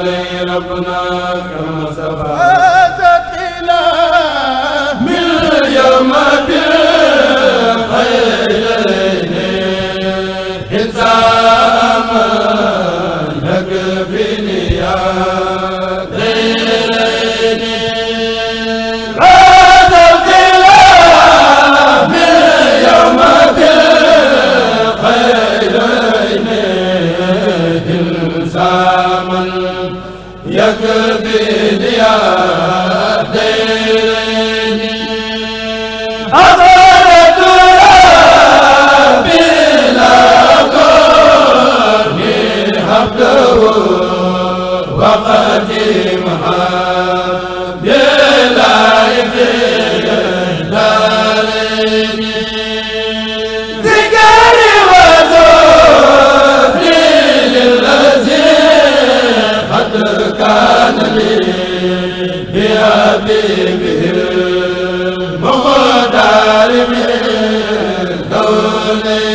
ربنا كما سبق ثقيلا من يوم خير حبيبهم مقدار من دونهم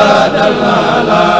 la la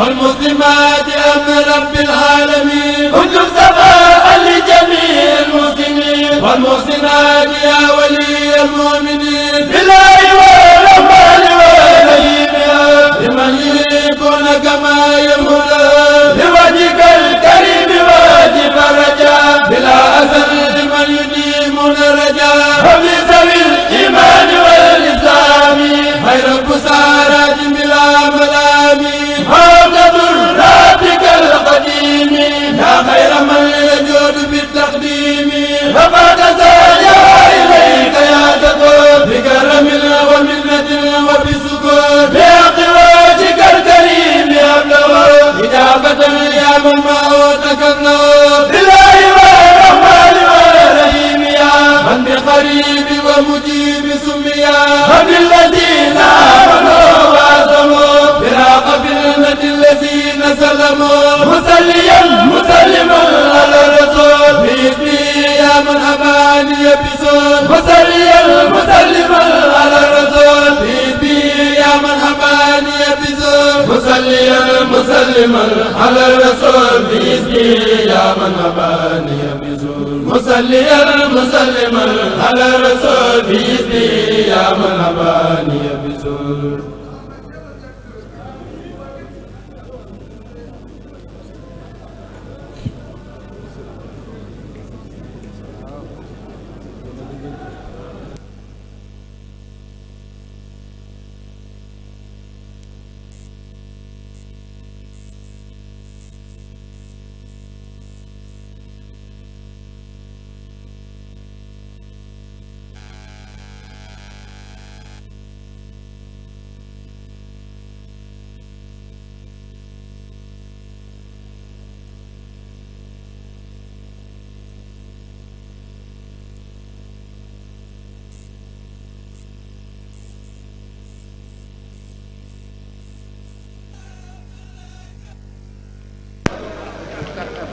والمسلمات أمن رب العالمين كنت سباء لجميع المسلمين والمحسنات يا ولي المؤمنين صليا مسلما على رسول في يا من أباني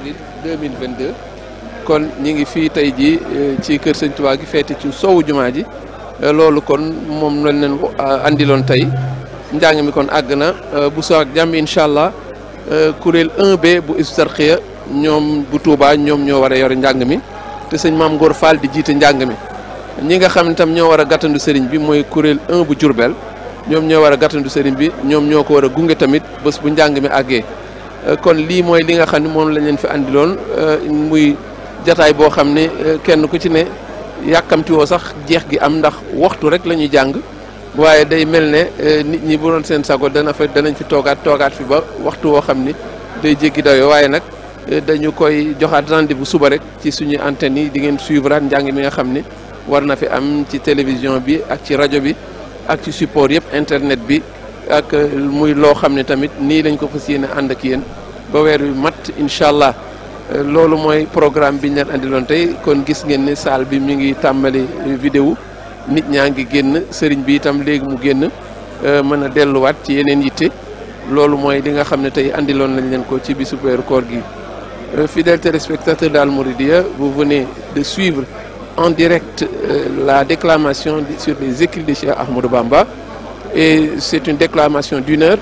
avril 2022 kon ñi ngi fii tey ji euh, ci kër sëñ Tuubaa gi feeti ci sowu jumaa ji euh, loolu kon moom lañ leen euh, andiloon tey njàng mi kon àgg na bu soo ak jàmm incha allah kuréel 1B bu hizbut ñoom bu tuubaa ñoom ñoo war a yore njàng mi te sëñ Maam Ngor Fall di jiite njàng mi ñi nga xam ne tam ñoo war a gàttandu sëriñ bi mooy kuréel 1 bu Jurbel ñoom ñoo war a gàttandu sëriñ bi ñoom ñoo ko war a gunge tamit bés bu njàng mi àggee Euh, kon lii mooy li nga xam ne moom lañ leen fi andiloon euh, muy jataay boo xam ne euh, kenn ku ci ne yàkkamtiwoo sax jeex gi am ndax waxtu rek la ñuy jàng waaye day mel ne nit ñi buroon seen sago dana fa danañ fi toogaat toogaat fi ba waxtu woo xam ni day jéggi dayo waaye nag dañu koy joxaat rendez bu suba rek ci suñuy antenne yi di ngeen suivraat njàng mi nga xam ne war na fi am ci télévision bi ak ci rajo bi ak ci support yëpp internet bi ak euh, muy loo xam ne tamit nii lañ ko fas yéene ànd ak yéen ba weer yu mat incha allah euh, loolu mooy programme bi ñu leen andiloon tey kon gis ngeen ne saal bi mi ngi tàmbali euh, vidéo nit ñaa ngi génn sëriñ bi itam léegi mu génn mën a delluwaat ci yeneen yitte loolu mooy li nga xam ne tey andiloon lañ leen ko ci bisu weeru koor gi. fidèles téléspectateurs d'Al Mouridiyyah vous venez de suivre en direct la déclamation sur les écrits de Cheikh Ahmadou Bamba. Et c'est une déclamation d'une heure.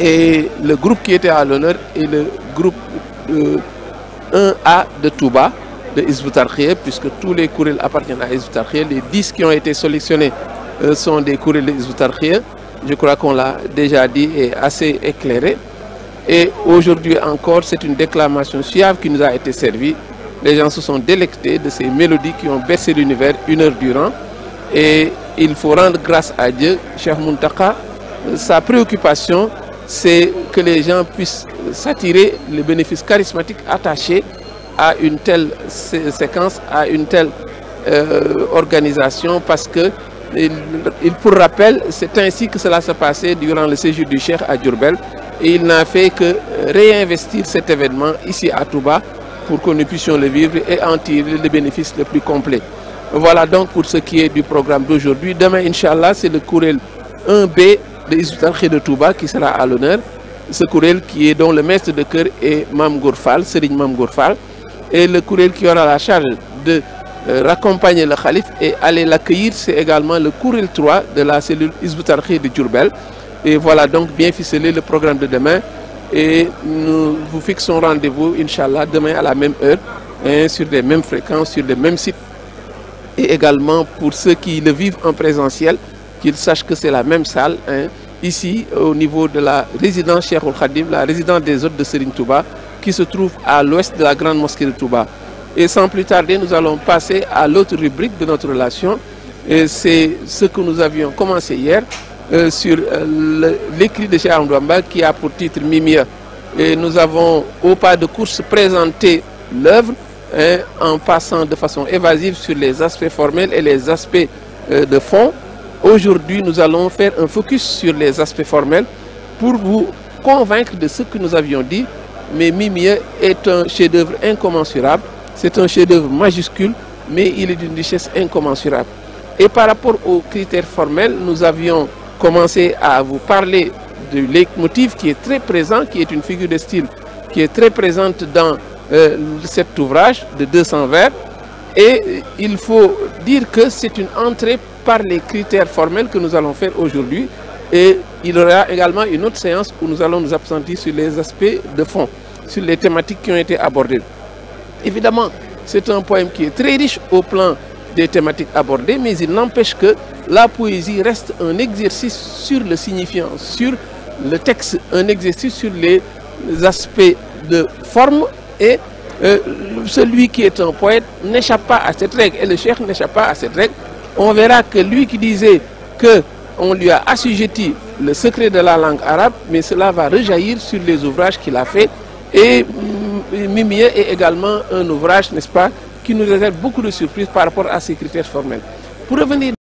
Et le groupe qui était à l'honneur est le groupe de euh, 1A de Touba, de Hizbut puisque tous les courriels appartiennent à Hizbut Les 10 qui ont été sélectionnés euh, sont des courriels de Hizbut Je crois qu'on l'a déjà dit et assez éclairé. Et aujourd'hui encore, c'est une déclamation suave qui nous a été servie. Les gens se sont délectés de ces mélodies qui ont baissé l'univers une heure durant. Et il faut rendre grâce à Dieu, Cheikh Muntaka, sa préoccupation, c'est que les gens puissent s'attirer les bénéfices charismatiques attachés à une telle sé séquence, à une telle euh, organisation, parce que, il, il pour rappel, c'est ainsi que cela s'est passé durant le séjour du Cheikh à Djurbel, et il n'a fait que réinvestir cet événement ici à Touba pour que nous puissions le vivre et en tirer le bénéfice le plus complet. Voilà donc pour ce qui est du programme d'aujourd'hui. Demain, Inch'Allah, c'est le courriel 1B de Isoutarché de Touba qui sera à l'honneur. Ce courriel qui est dont le maître de cœur est Mam Gourfal, Serigne Mam Gourfal. Et le courriel qui aura la charge de euh, raccompagner le calife et aller l'accueillir, c'est également le courriel 3 de la cellule Isoutarché de Djurbel. Et voilà donc bien ficelé le programme de demain. Et nous vous fixons rendez-vous, Inch'Allah, même heure, hein, sur les mêmes et également pour ceux qui le vivent en présentiel, qu'ils sachent que c'est la même salle. Hein, ici, au niveau de la résidence Cheikh Khadim, la résidence des hôtes de Serine Touba, qui se trouve à l'ouest de la grande mosquée de Touba. Et sans plus tarder, nous allons passer à l'autre rubrique de notre relation. C'est ce que nous avions commencé hier euh, sur euh, l'écrit de Cheikh Amdouamba qui a pour titre Mimia. Et nous avons, au pas de course, présenté l'œuvre hein, en passant de façon évasive sur les aspects formels et les aspects euh, de fond. Aujourd'hui, nous allons faire un focus sur les aspects formels pour vous convaincre de ce que nous avions dit. Mais Mimieux est un chef-d'œuvre incommensurable, c'est un chef-d'œuvre majuscule, mais il est d'une richesse incommensurable. Et par rapport aux critères formels, nous avions commencé à vous parler du leitmotiv qui est très présent, qui est une de style qui très présente dans euh, cet ouvrage de 200 vers et il faut dire que c'est une entrée par les critères formels que nous allons faire aujourd'hui et il y aura également une autre séance où nous allons sur les aspects de fond, sur les thématiques qui ont été abordées. Évidemment, c'est un poème qui est très riche au plan des thématiques abordées, mais il n'empêche que la poésie reste un exercice sur le signifiant, sur le texte, un exercice sur les aspects de forme Et euh, celui qui est un poète n'échappe pas à cette règle. Et le cheikh n'échappe pas à cette règle. On verra que lui qui disait que on lui a assujetti le secret de la langue arabe, mais cela va rejaillir sur les ouvrages qu'il a fait. Et mm, Mimier est également un ouvrage, n'est-ce pas, qui nous réserve beaucoup de surprises par rapport à ses critères formels. Pour revenir